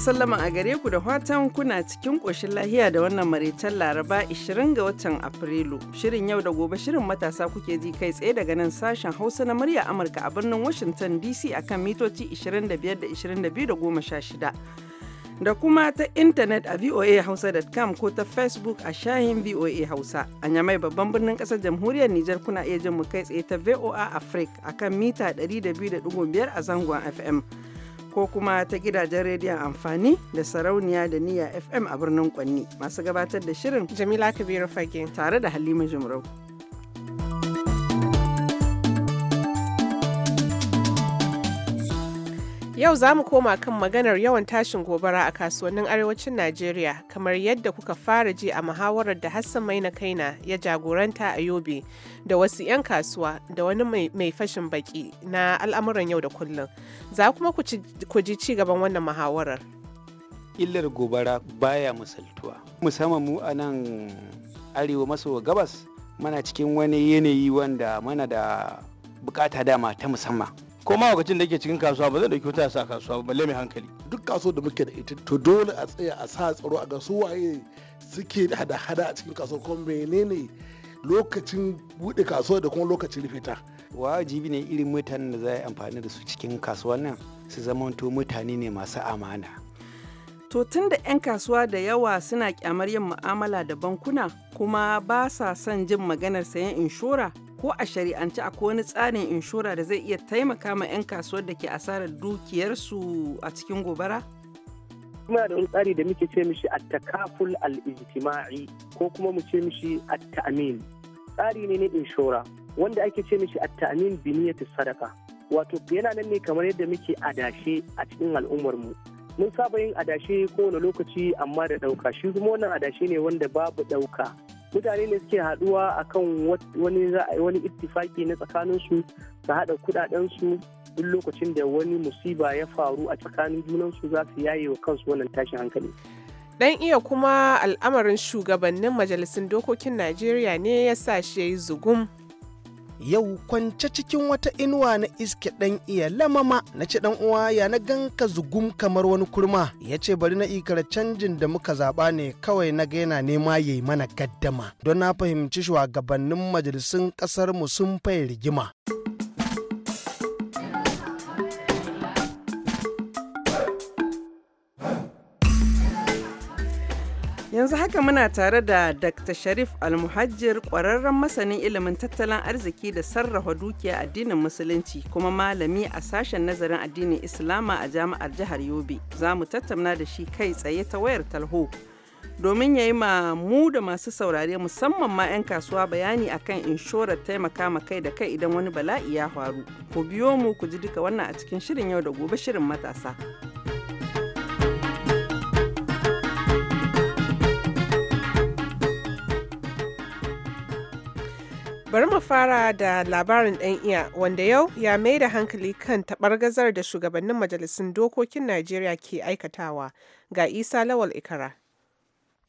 sallama a gare ku da fatan kuna cikin ƙoshin lahiya da wannan maraicen Laraba 20 ga watan Afrilu. Shirin yau da gobe shirin matasa kuke ji kai tsaye daga nan sashen Hausa na murya Amurka a birnin Washington DC akan mitoci 25 da 22 da 16. da kuma ta intanet a voahausa.com ko ta facebook a shahin voa hausa a yamai babban birnin kasar jamhuriyar nijar kuna iya jin mu kai tsaye ta voa africa akan mita 102.5 a zangon fm ko kuma ta gidajen rediyon amfani da sarauniya da niyya FM a birnin Kwanni. Masu gabatar da shirin Jamila Kabiru Fage tare da Halima Jumrau. Yau za mu koma kan maganar yawan tashin gobara a kasuwannin arewacin Najeriya kamar yadda kuka fara ji a muhawarar da Hassan Maina Kaina ya jagoranta a Yobe da wasu 'yan kasuwa da wani mai fashin baki na al'amuran yau da kullum. Za kuma ku ji ci gaban wannan muhawarar. Illar gobara baya misaltuwa. Musamman mu a nan arewa maso gabas mana cikin wani yanayi wanda mana da bukata dama ta musamman. ko ma lokacin da yake cikin kasuwa ba zai dauki wuta ya sa kasuwa ba balle mai hankali duk kasuwar da muke da ita to dole a tsaya a sa tsaro a ga su waye suke hada hada a cikin kasuwa kuma menene lokacin bude kasuwa da kuma lokacin rufe ta wajibi ne irin mutanen da za a yi amfani da su cikin kasuwa nan su zamanto mutane ne masu amana To tun da 'yan kasuwa da yawa suna kyamar yin mu'amala da bankuna kuma ba sa son jin maganar sayan inshora ko a shari'ance akwai wani tsarin inshora da zai iya taimaka ma 'yan kasuwar da ke asarar dukiyarsu a cikin gobara? muna da wani tsari da muke ce mishi attakaful al-ijtima'i ko kuma mu ce mishi attamin tsari ne na inshora wanda ake ce mishi attamin biniyatu sadaka wato yana nan ne kamar yadda muke adashe a cikin al'ummar mu mun saba yin adashe kowane lokaci amma da ɗauka, shi kuma wannan adashe ne wanda babu ɗauka. mutane ne suke haduwa akan wani wani ittifaki na tsakaninsu su haɗa su duk lokacin da wani musiba ya faru a tsakanin junansu za su yaye wa kansu wannan tashin hankali. Dan iya kuma al'amarin shugabannin majalisun dokokin Najeriya ne ya sa shi ya yi zugum yau kwance cikin wata inuwa na iske ɗan iya lamama na ce ɗan uwa ya na ganka zugum kamar wani kurma ya ce bari na ikara canjin da muka zaɓa ne kawai na ga yana nema ya yi mana gaddama don na fahimci shugabannin majalisun ƙasar mu sun faye rigima. Yanzu haka muna tare da Dr. Sharif Almuhajjir ƙwararren masanin ilimin tattalin arziki da sarrafa dukiya addinin Musulunci kuma malami a sashen nazarin addinin Islama a jami'ar jihar Yobe. Za mu tattauna da shi kai tsaye ta wayar talho. Domin ya yi ma mu da masu saurare musamman ma 'yan kasuwa bayani akan inshorar taimaka ma kai da kai idan wani bala'i ya faru. Ku biyo mu ku ji duka wannan a cikin shirin yau da gobe shirin matasa. Bari mu fara da labarin ɗan iya wanda yau ya mai da hankali kan taɓargazar da shugabannin majalisun dokokin Najeriya ke aikatawa ga Isa Lawal Ikara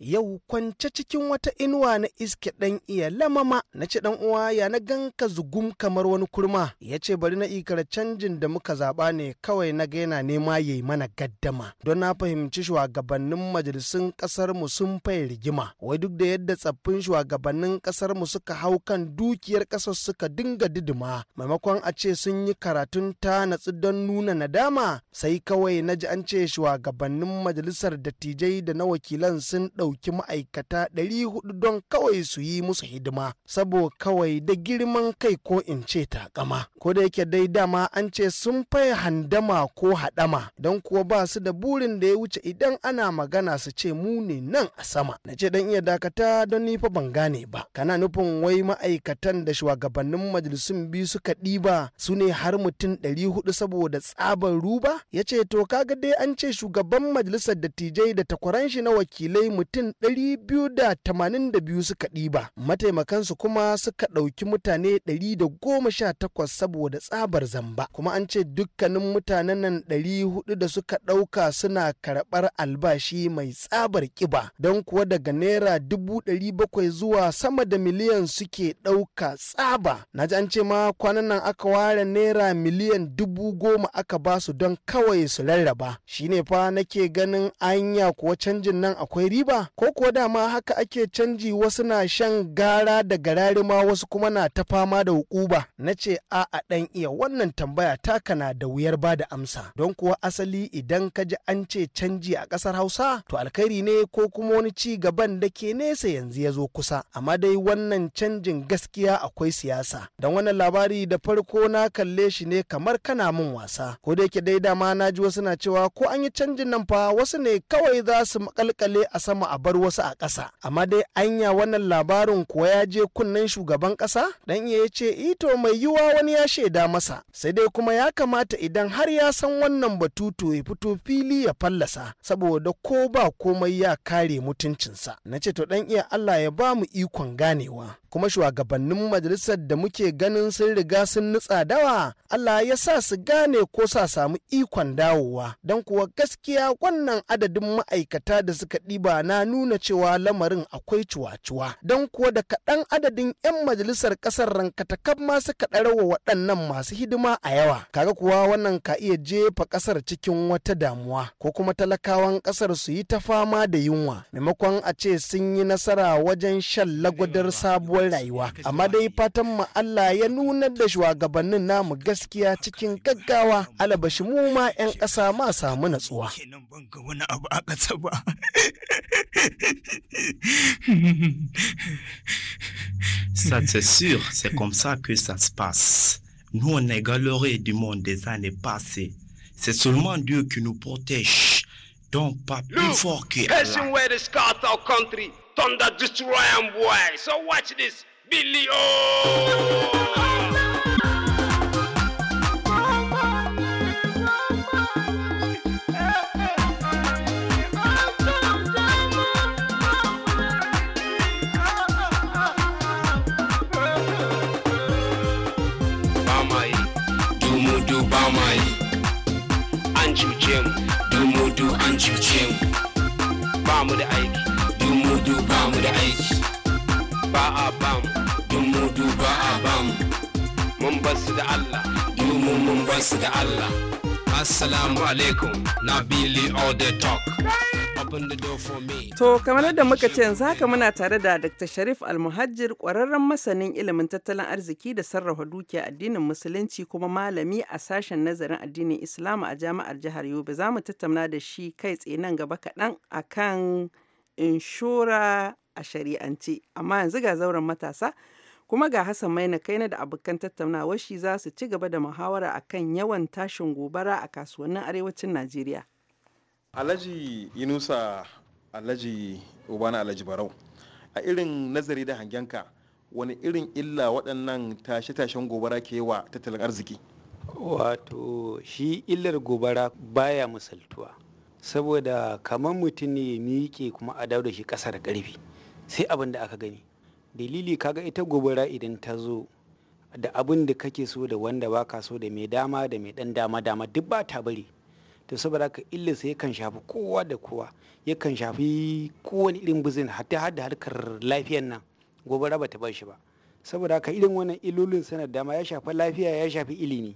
yau kwance cikin wata inuwa na iske ɗan iya lamama na ce ɗan uwa ya na ganka zugum kamar wani kurma ya ce bari na ikara canjin da muka zaɓa ne kawai na ga yana nema ya yi mana gaddama don na fahimci shugabannin majalisun ƙasar mu sun faye rigima wai duk da yadda tsaffin shugabannin ƙasar mu suka hau kan dukiyar ƙasar suka dinga didima maimakon a ce sun yi karatun ta natsu don nuna nadama sai kawai na ji an ce shugabannin majalisar dattijai da na wakilan sun ɗau ɗauki ma'aikata ɗari 400 don kawai su yi musu hidima sabo kawai da girman kai ko in ce takama ko da yake dai dama an ce sun fai handama ko haɗama don kuwa ba su da burin da ya wuce idan ana magana su ce mu ne nan a sama na ce dan iya dakata don ni fa ban gane ba kana nufin wai ma'aikatan da shugabannin majalisun biyu suka ɗiba su ne har mutum ɗari 400 saboda tsabar ruba ya ce to kaga dai an ce shugaban majalisar dattijai da takwaran shi na wakilai mutum mutum 282 suka ɗiba mataimakansu kuma suka ɗauki mutane 118 saboda tsabar zamba kuma an ce dukkanin mutanen nan 400 da suka ɗauka suna karɓar albashi mai tsabar ƙiba don kuwa daga naira 700 zuwa sama da miliyan suke ɗauka tsaba na ji an ce ma kwanan nan aka ware naira miliyan dubu goma aka ba su don kawai su rarraba shine fa nake ganin anya kuwa canjin nan akwai riba ko kuwa dama haka ake canji wasu na shan gara da gararima wasu kuma na ta fama da hukuba na ce a a dan iya wannan tambaya taka na da wuyar ba da amsa don kuwa asali idan ka ji an ce canji a kasar hausa to alkhairi ne ko kuma wani ci gaban da ke nesa yanzu ya zo kusa amma dai wannan canjin gaskiya akwai siyasa don wannan labari da farko na kalle shi ne kamar kana min wasa ko da yake dai dama na ji wasu na cewa ko an yi canjin nan fa wasu ne kawai za su makalkale a sama a bar wasu a ƙasa amma dai anya wannan labarin kuwa ya je kunnen shugaban ƙasa dan iya ce ito mai yiwa wani ya shaida masa sai dai kuma ya kamata idan har ya san wannan batu ya fito fili ya fallasa saboda ko ba komai ya kare mutuncinsa na ce to dan iya Allah ya ba mu ikon ganewa kuma shugabannin majalisar da muke ganin sun riga sun nutsa dawa Allah ya sa su gane ko sa samu ikon dawowa don kuwa gaskiya wannan adadin ma'aikata da suka ɗiba na nuna cewa lamarin akwai cuwa-cuwa don kuwa da kaɗan adadin 'yan majalisar ƙasar rankatakaf ma suka ɗarawa waɗannan masu hidima a yawa kaga kuwa wannan ka iya jefa ƙasar cikin wata damuwa ko kuma talakawan ƙasar su yi ta fama da yunwa maimakon a ce sun yi nasara wajen shan lagwadar sabuwar sabon rayuwa amma dai fatan mu Allah ya nunar da shugabannin namu gaskiya cikin gaggawa alabashi mu ma 'yan ƙasa ma samu natsuwa ça c'est sûr c'est comme ça que ça se passe nous on est galéré du monde des années passées c'est seulement Dieu qui nous protège donc pas plus fort que Allah. thunder destroy and boy. So watch this. Billy O. Dumu du an cuce mu ba Bamu de aiki mudu ba mu mun basu da Allah mun basu da Allah assalamu alaikum na billy all the talk To kamar yadda muka ce yanzu haka muna tare da Dr. Sharif Almuhajir ƙwararren masanin ilimin tattalin arziki da sarrafa dukiya addinin musulunci kuma malami a sashen nazarin addinin Islam a jami'ar jihar Yobe. Za mu tattauna da shi kai tsaye nan gaba kaɗan akan inshora a shari'ance. Amma yanzu ga zauren matasa kuma ga Hassan Maina na da abokan tattaunawar shi za su ci gaba da muhawara a kan yawan tashin gobara a kasuwannin arewacin Najeriya. Alhaji Inusa Alhaji Ubana Alhaji Barau a irin nazari da hangenka wani irin illa waɗannan tashe-tashen gobara ke wa tattalin arziki? Wato shi illar gobara baya misaltuwa. saboda kamar mutum ne miƙe kuma a dawo da shi ƙasa da ƙarfi sai abin da aka gani dalili kaga ita gobara idan ta zo da abin da kake so da wanda baka so da mai dama da mai dan dama dama duk ba ta bari to saboda haka illa sai yakan shafi kowa da kowa yakan shafi kowane irin buzin hatta har da harkar lafiyar nan gobara ba ta bar shi ba saboda haka irin wannan ilolin sanar dama ya shafi lafiya ya shafi ilimi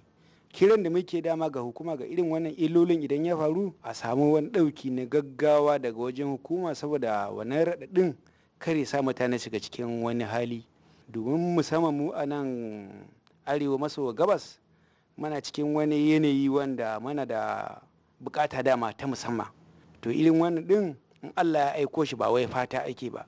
kiran da muke dama ga hukuma ga irin wannan illolin idan ya faru a samu wani ɗauki na gaggawa daga wajen hukuma saboda wannan raɗaɗin kare sa mutane shiga cikin wani hali domin musamman mu a nan arewa maso gabas mana cikin wani yanayi wanda mana da bukata dama ta musamman to irin wannan ɗin in allah ya aiko shi ba wai fata ake ba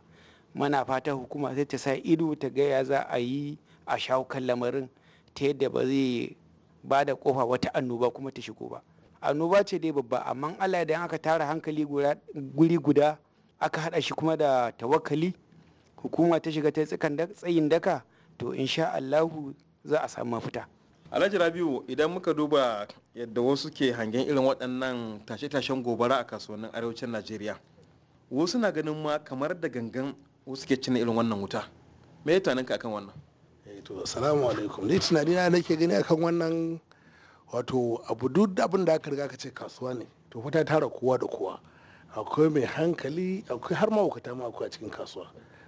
mana fata hukuma sai ta sa ido ta ga ya za a yi a shawo kan lamarin ta yadda ba zai ba da kofa wata annoba kuma ta shigo ba annoba ce dai babba amma Allah idan aka tara hankali guri guda aka hada shi kuma da tawakali hukuma ta shiga ta tsakan tsayin daka to insha Allahu za a samu mafita Alhaji Rabiu idan muka duba yadda wasu ke hangen irin waɗannan tashe-tashen gobara a kasuwannin arewacin Najeriya wasu na ganin ma kamar da gangan wasu ke cin irin wannan wuta me ya tunaninka akan wannan to assalamu alaikum ni tunani na nake gani akan wannan wato abu duk abin da aka riga ka ce kasuwa ne to fa ta tara kowa da kowa akwai mai hankali akwai har mahaukata ma akwai a cikin kasuwa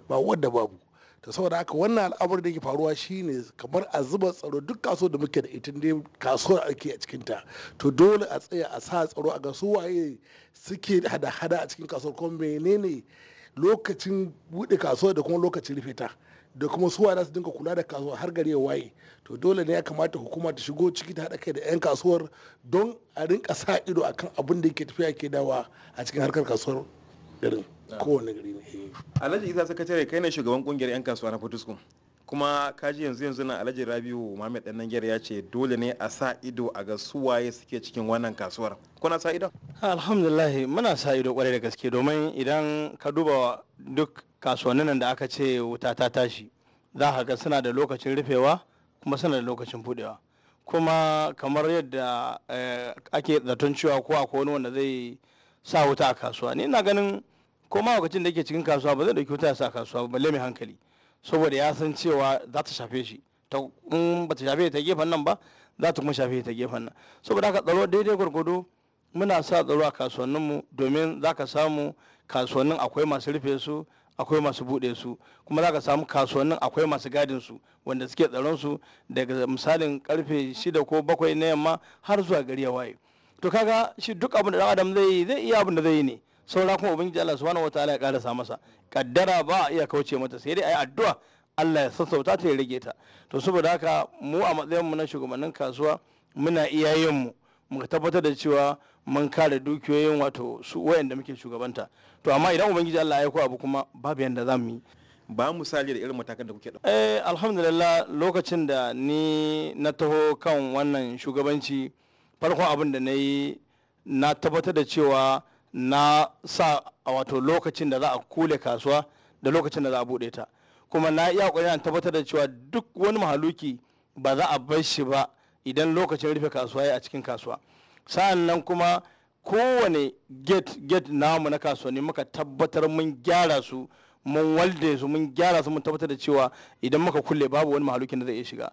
ba wadda babu ta saboda haka wannan al'amarin da ke faruwa shine kamar a zuba tsaro duk kaso da muke da ita ne kasuwar ake a cikin ta to dole a tsaya a sa tsaro a ga su waye suke hada-hada a cikin kasuwar kuma menene lokacin bude kasuwar da kuma lokacin rufe ta da kuma suwa za su dinka kula da kasuwa har gari ya waye to dole ne ya kamata hukuma ta shigo ciki ta haɗa kai da 'yan kasuwar don a rinka sa ido a kan abin da ke tafiya ke dawa a cikin harkar kasuwar garin kowane gari ne eh. alhaji isa sakatare kai ne shugaban kungiyar 'yan kasuwa na fatuskun kuma kaji yanzu yanzu na alhaji rabiu muhammad dan nangiyar ya ce dole ne a sa ido a ga suwaye suke cikin wannan kasuwar kuna sa ido alhamdulillah muna sa ido kwarai da gaske domin idan ka duba duk kasuwannin nan da aka ce wuta ta tashi za ka ga suna da lokacin rufewa kuma suna da lokacin budewa kuma kamar yadda eh, ake zaton cewa ko a wani wanda zai sa wuta a kasuwa ni ina ganin ko ma lokacin da yake cikin kasuwa ba zai dauki wuta ya sa kasuwa ba balle mai hankali saboda ya san cewa za ta shafe shi ta in ba ta shafe ta gefen nan ba za ta kuma shafe ta gefen nan saboda haka tsaro daidai gwargwado muna sa tsaro a kasuwanninmu domin za ka samu kasuwannin akwai masu rufe su akwai masu buɗe su kuma za ka samu kasuwannin akwai masu gadin su wanda suke tsaron su daga misalin karfe shida ko bakwai na yamma har zuwa gari ya waye to kaga shi duk abin da dan adam zai yi zai iya abin da zai yi ne saura kuma ubangiji Allah subhanahu wataala ya karasa masa kaddara ba a iya kauce mata sai dai ayi addu'a Allah ya sassauta ta ya rage ta to saboda haka mu a matsayin mu na shugabannin kasuwa muna iya yin mu mu tabbatar da cewa mun kare dukiyoyin wato su wayan da muke shugabanta to amma idan ubangiji Allah ya aiko abu kuma babu yanda za mu yi ba misali da irin matakan da kuke dauka Eh alhamdulillah lokacin da ni na taho kan wannan shugabanci farkon abin da na yi na tabbatar da cewa na sa a wato lokacin da za a kule kasuwa da lokacin da za a bude ta kuma na iya ƙoƙarin tabbatar da cewa duk wani mahaluki ba za a bar shi ba idan lokacin rufe kasuwa ya a cikin kasuwa sa'an nan kuma kowane gate gate namu na kasuwanni muka tabbatar mun gyara su mun walde su mun gyara su mun tabbatar da cewa idan muka kulle babu wani mahalukin da zai iya shiga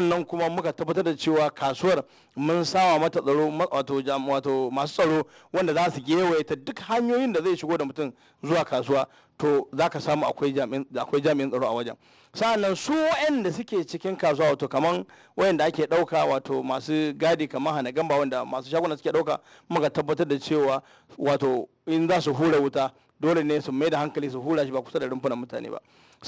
nan kuma muka tabbatar da cewa kasuwar mun sawa mata tsaro wato masu tsaro wanda za su gewaye duk hanyoyin da zai shigo da mutum zuwa kasuwa to za ka samu akwai jami'in tsaro a wajen nan su waɗanda suke cikin kasuwa wato kaman waɗanda ake ɗauka wato masu gadi kamar hana gamba wanda masu shaguna suke ɗauka muka tabbatar da cewa wato in za su hura wuta dole ne su mai da hankali su hura shi ba kusa da rumfunan mutane ba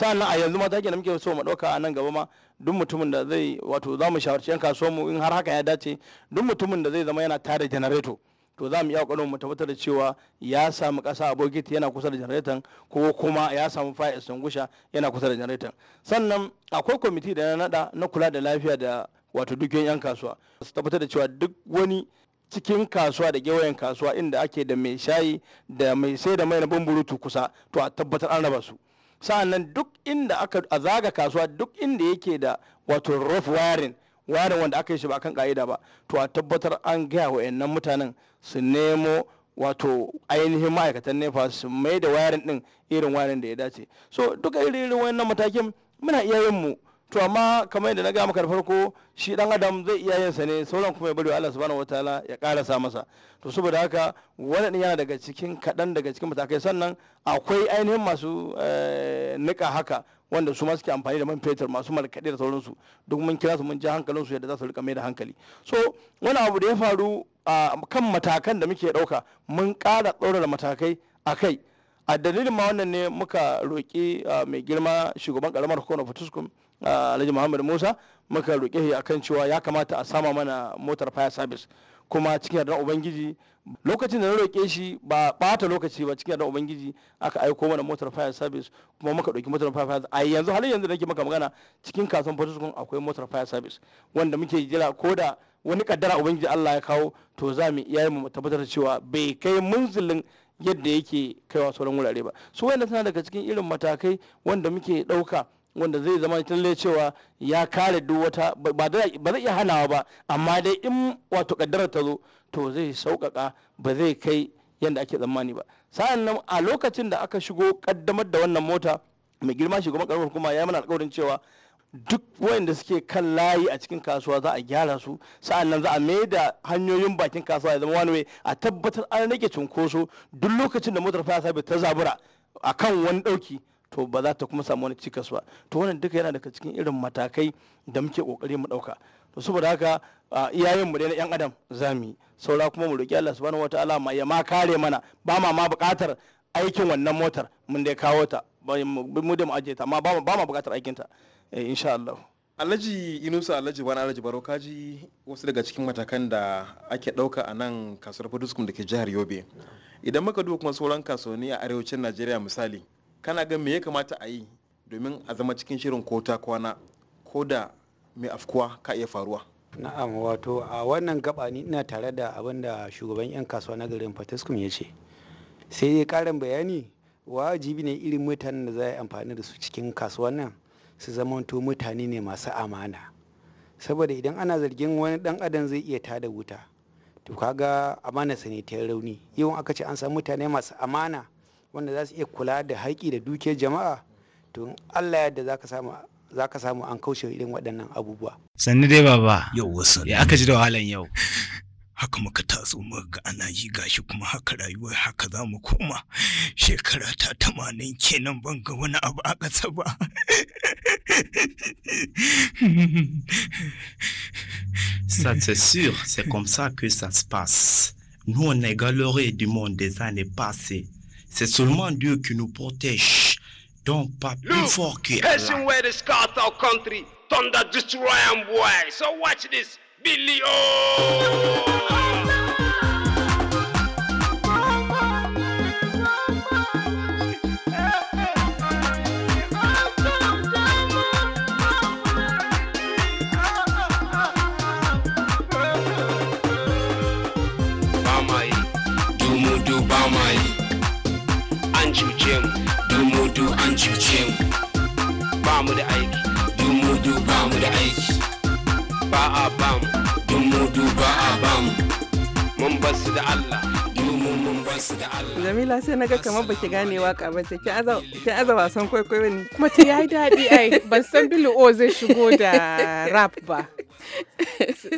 nan a yanzu mataki da muke so mu dauka a nan gaba ma duk mutumin da zai wato za mu shawarci yan kasuwar mu in har haka ya dace duk mutumin da zai zama yana tare janareto to za mu iya kwanon mu tabbatar da cewa ya samu kasa a bokiti yana kusa da janaretan ko kuma ya samu fire gusha yana kusa da janaretan sannan akwai kwamiti da na nada na kula da lafiya da wato dukiyoyin yan kasuwa su tabbatar da cewa duk wani cikin kasuwa da gewayen kasuwa inda ake da mai shayi da mai sai da mai na bamburutu kusa to a tabbatar an raba su sa'annan duk inda aka a zaga kasuwa duk inda yake da wato rough warin warin wanda aka yi shi ba kan ka'ida ba to a tabbatar an gaya wa wa'annan mutanen su nemo wato ainihin ma'aikatan nefa su mai da wayarin din irin warin da ya dace so duka irin irin wannan matakin muna iya yin mu to amma kamar yadda na ga maka da farko shi dan adam zai iya yin sa ne sauran kuma ya bari Allah subhanahu wataala ya karasa masa to saboda haka wannan yana daga cikin kadan daga cikin matakai sannan akwai ainihin masu eh, nika haka wanda su ma suke amfani da man fetur masu markaɗe da sauransu duk mun kira su mun ji hankalin su yadda za su rika mai da hankali so wani abu da ya faru a kan matakan da muke ɗauka mun ƙara ɗaura matakai a kai a dalilin ma wannan ne muka roƙi ah, mai girma shugaban karamar hukumar fatuskum ah, alhaji muhammad musa muka roƙe shi akan cewa ya kamata a sama mana motar fire service kuma cikin yardar ubangiji lokacin da na roƙe shi ba ɓata lokaci ba cikin yardar ubangiji aka aiko mana motar fire service kuma muka ɗauki motar fire service a yanzu halin yanzu da nake maka magana cikin kasuwan fatuskum akwai motar fire service wanda muke jira ko da wani kaddara ubangiji Allah ya kawo to za mu iya mu tabbatar cewa bai kai munzilin yadda yake kaiwa sauran wurare ba su wanda suna daga cikin irin matakai wanda muke ɗauka wanda zai zama lalle cewa ya kare duk wata ba zai iya hanawa ba amma dai in wato kaddara ta zo to zai sauƙaƙa ba zai kai yadda ake tsammani ba sa'an nan a lokacin da aka shigo kaddamar da wannan mota mai girma shugaban karamar hukuma ya yi mana alƙawarin cewa duk wayanda suke kan layi a cikin kasuwa za a gyara su sa'an nan za a mai da hanyoyin bakin kasuwa ya zama wani a tabbatar an rage cunkoso duk lokacin da motar fire service ta zabura kan wani dauki to ba za ta kuma samu wani cikas ba to wannan duka yana daga cikin irin matakai da muke kokari mu ɗauka to saboda haka iyayen mu na yan adam zami saura kuma mu roki Allah subhanahu wataala ma ya ma kare mana ba ma ma bukatar aikin wannan motar mun dai kawo ta mu da mu aje amma ba ma bukatar aikin ta Eh, insha Allah Alhaji Inusa Alhaji wani Alhaji Baro kaji wasu daga cikin matakan da ake ɗauka a nan kasuwar Fuduskum da ke jihar Yobe. Idan muka duba kuma sauran kasuwanni a arewacin Najeriya misali, kana ga me ya kamata a yi domin a zama cikin shirin ko kwana ko da mai afkuwa ka iya faruwa. Na'am wato a wannan gaba ni ina tare da abin da shugaban 'yan kasuwa na garin Fataskum ya ce. Sai dai karin bayani wajibi ne irin mutanen da za a yi amfani da su cikin kasuwan nan. su zamanto mutane ne masu amana saboda idan ana zargin wani dan adam zai iya tada wuta to kaga amana ne ta rauni yawan aka ce an samu mutane masu amana wanda za su iya kula da haƙi da dukiyar jama'a to Allah yadda zaka samu zaka samu an kaushe irin waɗannan abubuwa sanni dai baba yau wasu ya aka ji da wahalan yau haka muka taso muka ana yi gashi kuma haka rayuwar haka za mu koma shekara ta tamanin kenan ban ga wani abu a ƙasa ba ça c'est sûr c'est comme ça que ça se passe nous on est galéré du monde des années passées c'est seulement Dieu qui nous protège donc pas plus Look, fort que Allah. where the country thunder destroy and boy so watch this billion. Oh, Jamila sai na ga kamar baki gane waka ba ce ki aza wasan kwaikwayo ne. Kuma ta yi daɗi ai ban san Bilu O zai shigo da rap ba.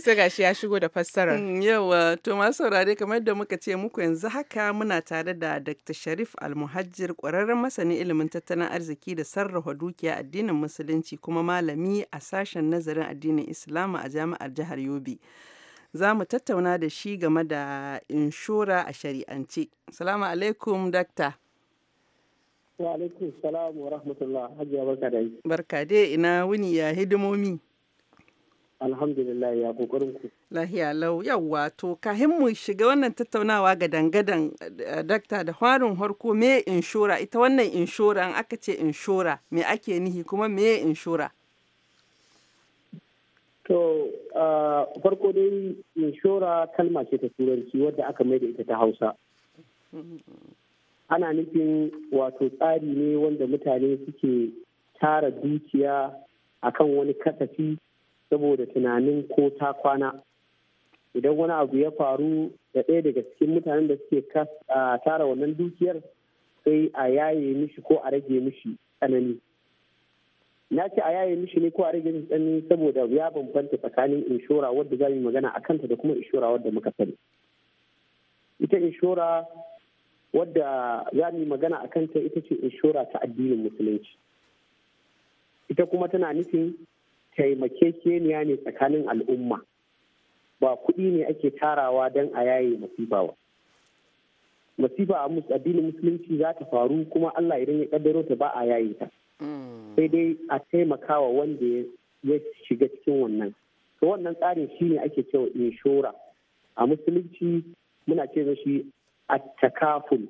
Sai gashi ya shigo da fassarar. Mm, Yawa to masu saurare kamar da muka ce muku yanzu haka muna tare da Dr. Sharif Almuhajjir ƙwararren masanin ilimin tattalin arziki da sarrafa dukiya addinin musulunci kuma malami a sashen nazarin addinin Islam a jami'ar jihar Yobe. za mu tattauna da shi game da inshora a shari'ance. Salamu alaikum, dakta. Wa alaikum salamu wa rahmatullah, hajiya barka da yi. Barka dai ina wuni ya hidimomi. Alhamdulillah ya kokarin ku. Lahiya lau yawwa to kahin mu shiga wannan tattaunawa ga dangadan eh, dakta da hwarin harko me inshora ita wannan inshora an aka ce inshora me ake nihi kuma me inshora. To, farko dai inshora kalma ce ta turanci wadda aka mai da ita ta hausa. Ana nufin wato tsari ne wanda mutane suke tara dukiya akan wani kasafi saboda tunanin ko ta kwana. Idan wani abu ya faru da ɗaya daga cikin mutanen da suke tara wannan dukiyar sai a yaye mishi ko a rage mishi tsanani. na ce a yaye mishi ne ko a rage tsanani saboda ya bambanta tsakanin inshora wadda za mu magana a kanta da kuma inshora wadda muka sani ita inshora wadda za mu magana a kanta ita ce inshora ta addinin musulunci ita kuma tana nufin taimakekeniya ne tsakanin al'umma ba kuɗi ne ake tarawa don a yaye masifa masifa a addinin musulunci za ta faru kuma allah idan ya ƙaddaro ta ba a yaye ta sai dai a taimakawa wanda ya shiga cikin wannan to wannan tsarin shi ne ake cewa inshora a musulunci muna ce mishi attakaful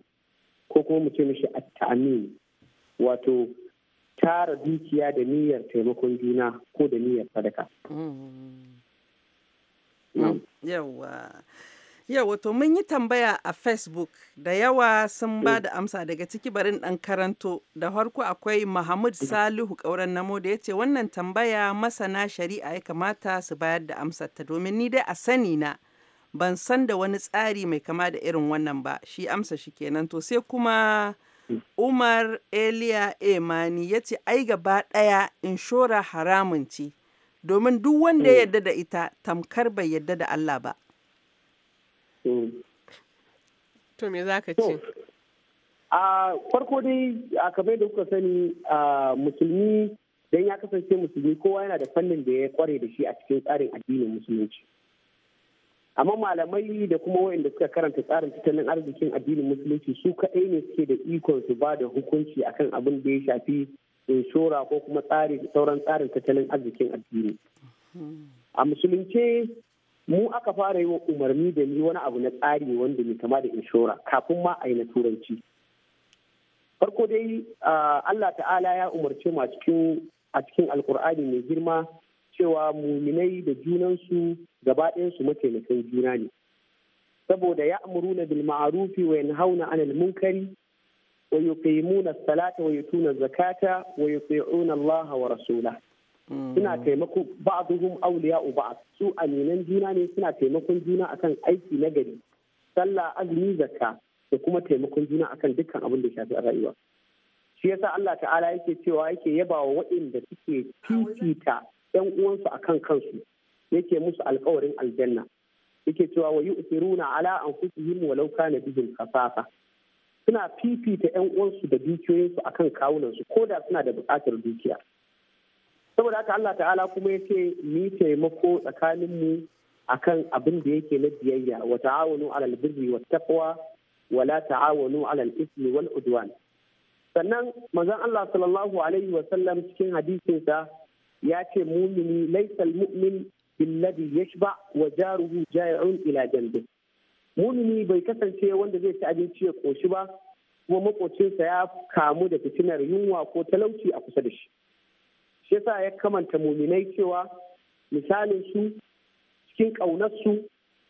ko kuma mu ce mishi attamin wato tara dukiya da niyyar taimakon juna ko da niyyar sadaka mm. yawwa Yau wato mun yi tambaya a Facebook da yawa sun mm. ba da amsa daga ciki barin ɗan karanto da harko akwai Mahmud mm. Salihu ƙauren namo da ya ce wannan tambaya masana shari'a ya kamata su bayar da ta domin ni dai a sani na ban san da wani tsari mai kama da irin wannan ba shi amsa shi kenan to sai kuma mm. Umar Eliya Emani ya ce ai gaba ɗaya inshora haramun ci domin duk wanda ya yarda da ita tamkar bai yarda da Allah ba. To me za ka ce? A farko dai a kamar da kuka sani a musulmi don ya kasance musulmi kowa yana da fannin da ya kware da shi a cikin tsarin addinin musulunci. Amma malamai da kuma wayanda suka karanta tsarin tattalin arzikin addinin musulunci su kaɗai ne suke da ikon su ba da hukunci akan abin da ya shafi inshora ko kuma tsari sauran tsarin tattalin arzikin addini. A musulunce mu aka fara yi wa umarni da ni wani abu na tsari wanda mai kama da inshora kafin ma a yi na turanci farko dai Allah ta'ala ya umarce mu a cikin alkur'ani mai girma cewa muminai da junansu gaba su mataimakan juna ne saboda ya amuruna bil ma'arufi wa yanhauna anil munkari wa yuqimuna salata wa yutuna zakata wa yuti'una Allah wa rasula suna mm. taimako ba zuhum auliya uba su aminan juna ne suna taimakon juna akan aiki na gari sallah azumi zakka da kuma taimakon juna akan dukkan abin da shafi rayuwa shi yasa Allah ta'ala yake cewa yake yabawa waɗanda suke fifita yan uwansu akan kansu yake musu alkawarin aljanna yake cewa wa runa ala anfusihim walau kana bihim kafafa suna fifita yan uwansu da dukiyoyinsu akan kawunansu ko da suna da buƙatar dukiya saboda haka Allah ta'ala kuma ya ce ni taimako tsakaninmu akan abin da yake na biyayya wa ta'awunu alal birri wa taqwa wa la ta'awunu alal ismi wal udwan sannan manzon Allah sallallahu alaihi wa sallam cikin hadisinsa ya ce mumini laysal mu'min billadhi yashba wa jaruhu ja'un ila janbi mumini bai kasance wanda zai ci abinci ya koshi ba kuma makocinsa ya kamu da fitinar yunwa ko talauci a kusa da shi shi yasa ya kamanta muminai cewa misalin su cikin ƙaunarsu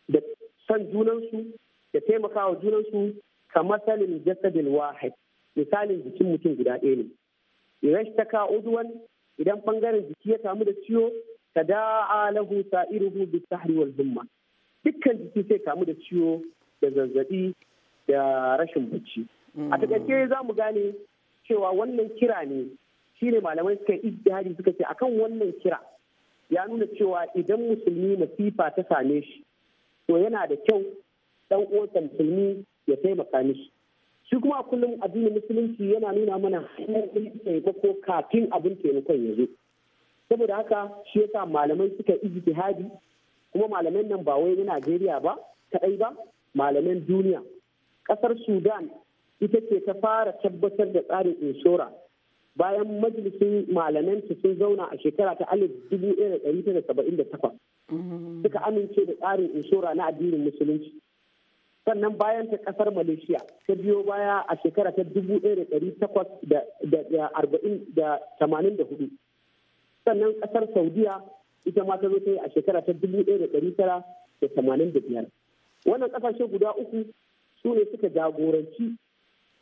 da san junansu da taimakawa junansu kamar salin jasadin wahid misalin jikin mutum guda ɗaya ne idan ta ka idan bangaren jiki ya kamu da ciwo ta da'a lahu sa'iruhu bi sahri wal dukkan jiki sai kamu da ciwo da zazzaɓi da rashin bacci a mm. takaice za mu gane cewa wannan kira ne shine malamai suka jihadi suka ce akan wannan kira ya nuna cewa idan musulmi masifa ta same shi to yana da kyau dan uwansa musulmi ya taimaka mishi shi kuma kullum addinin musulunci yana nuna mana hanyoyin taimako kafin abin taimakon ya zo saboda haka shi yasa malamai suka ijtihadi kuma malaman nan ba wai na Najeriya ba kadai ba malaman duniya kasar Sudan ita ce ta fara tabbatar da tsarin inshora bayan majalisun malamanta sun zauna a shekara ta alif dubu mm-hmm. suka amince da tsarin inshora na addinin musulunci sannan bayan ta kasar malaysia ta biyo baya a shekara ta dubu sannan kasar saudiya ita ma ta zo ta yi a shekara ta dubu wannan ƙasashe guda uku su ne suka jagoranci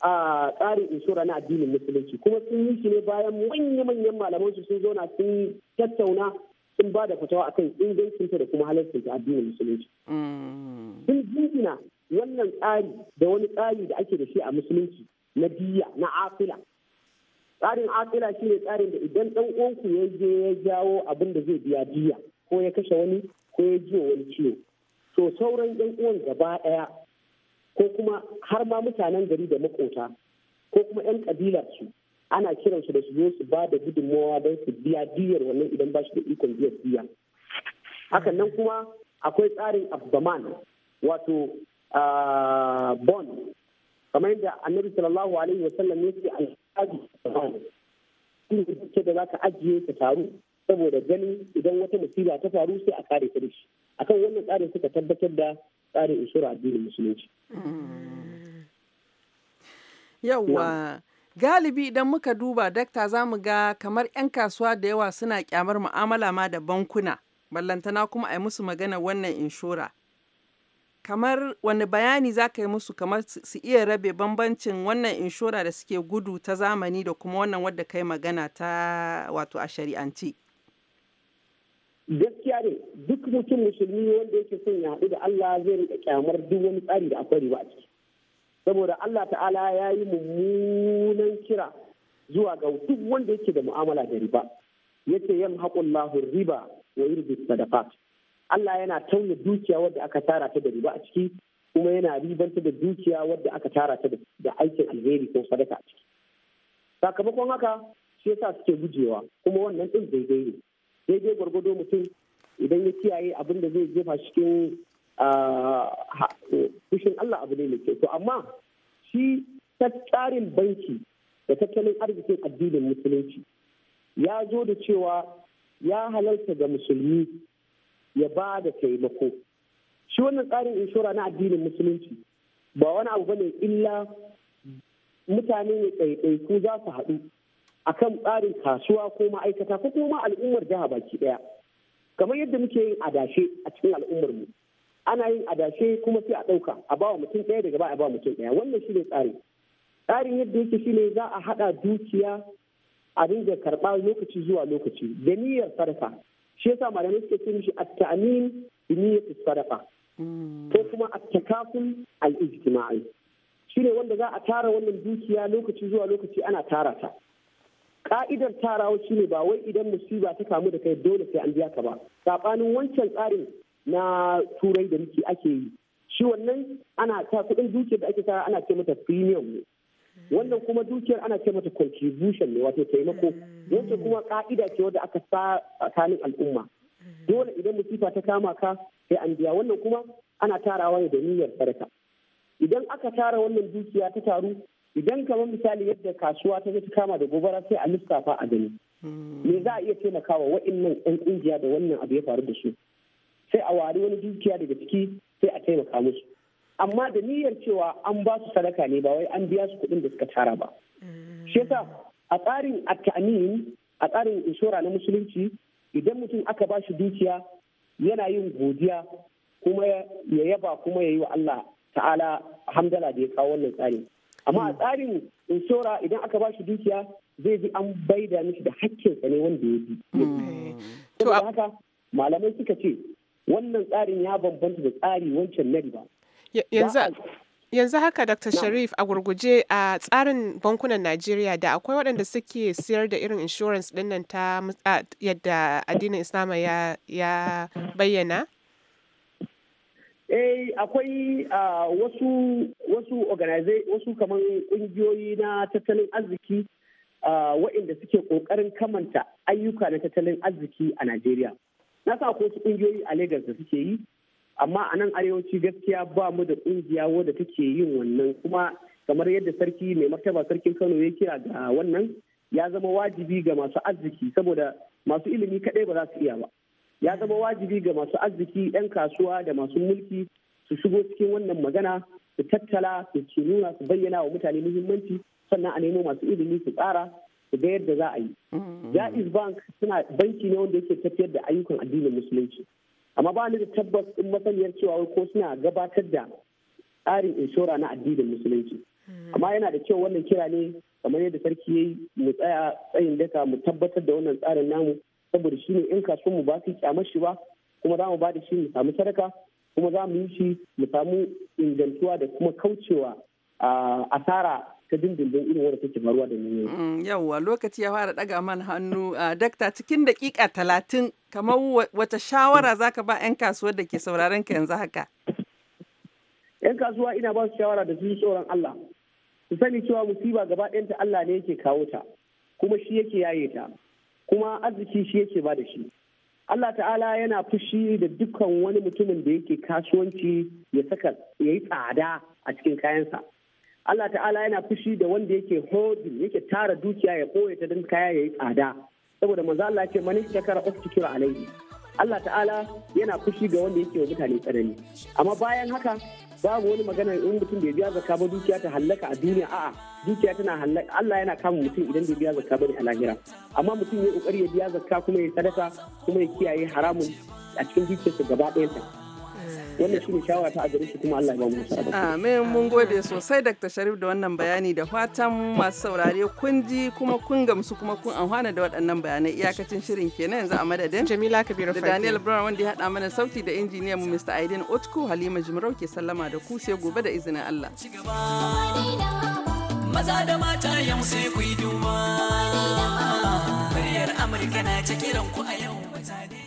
a tsarin inshora na addinin musulunci kuma sun yi shi ne bayan manya-manyan malaman su sun zauna sun tattauna sun ba da fitawa akan ingancinta da kuma ta addinin musulunci. Mm. Sun jingina wannan tsari da wani tsari da ake da shi a musulunci na diya na afila. Tsarin afila shi ne tsarin da idan ɗan uwanku ya je ya jawo abin da zai biya diya ko ya kashe wani ko ya jiwa wani ciwo. To sauran ɗan uwan gaba ɗaya ko kuma har ma mutanen gari da makota ko kuma 'yan kabilar su ana kiransu da su zo su ba da gudunmawa don su biya diyar wannan idan ba shi da ikon biyar biya hakan nan kuma akwai tsarin abdaman wato ah, bon kamar yadda annabi sallallahu alaihi wasallam ya ce alhaji da za ka ajiye ta taru saboda ganin idan wata musiba ta faru sai a kare ta da shi akan wannan tsarin suka tabbatar da tsarin usura addinin musulunci hmm. yawa galibi idan muka duba dakta za mu ga kamar 'yan kasuwa da yawa suna kyamar mu'amala ma da bankuna ballantana kuma a yi musu magana wannan inshora kamar wani bayani za ka yi musu kamar su iya rabe bambancin wannan inshora da suke gudu ta zamani da kuma wannan wadda kai magana ta wato a shari'anci gaskiya ne duk mutum musulmi wanda yake son ya haɗu da Allah zai rika kyamar duk wani tsari da akwai riba a ciki saboda Allah ta'ala ya yi mummunan kira zuwa ga duk wanda yake da mu'amala da riba yace yan haƙun lahur riba wa yurbi sadaqat Allah yana tauna dukiya wadda aka tara ta da riba a ciki kuma yana ribanta da dukiya wadda aka tara ta da aikin alheri ko sadaka a ciki sakamakon haka shi yasa suke gujewa kuma wannan din daidai ne daidai gwargwado mutum idan ya kiyaye abin da zai jefa cikin fushin Allah abu ne mai kyau to amma shi ta tsarin banki da tattalin arzikin addinin musulunci ya zo da cewa ya halarta ga musulmi ya ba da taimako shi wannan tsarin inshora na addinin musulunci ba wani abu bane illa mutane ne ɗaiɗaiku za su haɗu akan tsarin kasuwa ko ma'aikata ko kuma al'ummar jiha baki daya kamar yadda muke yin adashe a cikin al'ummar mu ana yin adashe kuma sai a ɗauka a bawa mutum ɗaya daga baya a bawa mutum ɗaya wannan shine tsari tsarin yadda yake shine za a haɗa dukiya a dinga karba lokaci zuwa lokaci da niyyar sadaka shi yasa malamai suke ce mishi at-ta'min bi niyyati sarrafa hmm. ko kuma at ayi al-ijtima'i shine wanda za a tara wannan dukiya lokaci zuwa lokaci ana tara ta ka'idar tarawa shi ne ba wai idan musiba ta kamu da kai dole sai an biya ka ba saɓanin wancan tsarin na turai da muke ake yi shi wannan ana ta kuɗin dukiyar da ake tara ana ce mata premium ne wannan kuma dukiyar ana ce mata contribution ne wato taimako wancan kuma ka'ida ce wadda aka sa tsakanin al'umma dole idan musiba ta kama ka sai an biya wannan kuma ana tarawa ne da niyyar sadaka idan aka tara wannan dukiya ta taru idan kamar misali yadda kasuwa ta zai kama da gobara sai a lissafa a gani hmm. me za a iya taimakawa wa'annan yan kungiya da wannan abu ya faru da su sai a wari wani dukiya daga ciki sai a taimaka musu amma da niyyar cewa an ba su sadaka ne ba wai an biya su kuɗin da suka tara ba hmm. shi yasa a tsarin at-ta'min a tsarin inshora na musulunci idan mutum aka ba shi dukiya yana yin godiya kuma ya yaba kuma ya yi wa Allah ta'ala hamdala da ya kawo wannan tsari amma a mm. tsarin inshora idan aka ba shi dukiya zai ji an baida mishi da sa ne wanda ya bi mm. Mm. Eh. saboda haka malamai suka ce wannan tsarin ya bambanta da tsari wancan na riba yanzu haka dr sharif a gurguje a tsarin bankunan najeriya da akwai waɗanda suke siyar da irin insurance ɗinnan ta yadda addinin islama ya bayyana eh akwai wasu wasu kamar ƙungiyoyi na tattalin arziki waɗanda suke ƙoƙarin kamanta ayyuka na tattalin arziki a Najeriya. Na sa kuma wasu kungiyoyi a Legas da suke yi, amma a nan arewaci gaskiya ba mu da ƙungiya wadda take yin wannan kuma kamar yadda sarki mai martaba sarkin Kano ya kira ga wannan ya zama wajibi ga masu arziki saboda masu ilimi kaɗai ba za su iya ba. ya zama wajibi ga masu arziki 'yan kasuwa da masu mulki su shigo cikin wannan magana su tattala su nuna su bayyana wa mutane muhimmanci sannan a nemo masu ilimi su tsara su ga yadda za a yi mm-hmm. jaiz bank suna banki ne wanda yake tafiyar da ayyukan addinin musulunci amma ba ni da tabbas in masaniyar cewa ko suna gabatar da tsarin inshora na addinin musulunci mm-hmm. amma yana da kyau wannan kira ne kamar yadda sarki ya yi mu tsaya tsayin daka mu tabbatar da wannan tsarin namu saboda shi ne 'yan kasuwan mu ba su kyamar shi ba kuma za mu ba da shi mu samu sadaka kuma za mu yi shi mu samu ingantuwa da kuma kaucewa asara ta dindindin irin wadda take faruwa da nuna. Yawwa mm, lokaci ya fara daga man hannu a dakta cikin dakika talatin kamar wata shawara za ka ba 'yan kasuwar da ke sauraron ka yanzu haka. 'Yan kasuwa ina ba su shawara da su tsoron Allah. Su sani cewa musiba gaba ɗayanta Allah ne yake kawo ta kuma shi yake yaye ta. kuma arziki shi yake ba da shi Allah ta'ala yana fushi da dukkan wani mutumin da yake kasuwanci ya saka ya yi tsada a cikin kayansa Allah ta'ala yana fushi da wanda yake hodin yake tara dukiya ya koya ta don kaya ya yi tsada saboda maza Allah ce mani shakara ofti kira alaihi Allah ta'ala yana fushi ga wanda yake wa mutane tsanani amma bayan haka babu wani magana in mutum bai biya zakka ba dukiya ta hallaka a duniya a'a dukiya tana hallaka Allah yana kama mutum idan bai biya zakka ba ne a lahira amma mutum ya kokari ya biya zakka kuma ya sadaka kuma ya kiyaye haramun a cikin dukiyarsa gaba ɗayan wannan shi ne a shi kuma Allah ya ba mu sa'a mun gode sosai Dr. Sharif da wannan bayani da fatan masu saurare kun ji kuma kun gamsu kuma kun amfana da waɗannan bayanai iyakacin shirin kenan yanzu a madadin Jamila Kabir da Daniel Brown wanda ya haɗa mana sauti da injiniyan mu Mr. Aiden Otko Halima Jimarau ke sallama da ku sai gobe da izinin Allah maza da mata yau sai ku yi duba muryar Amurka na ta kiran ku a yau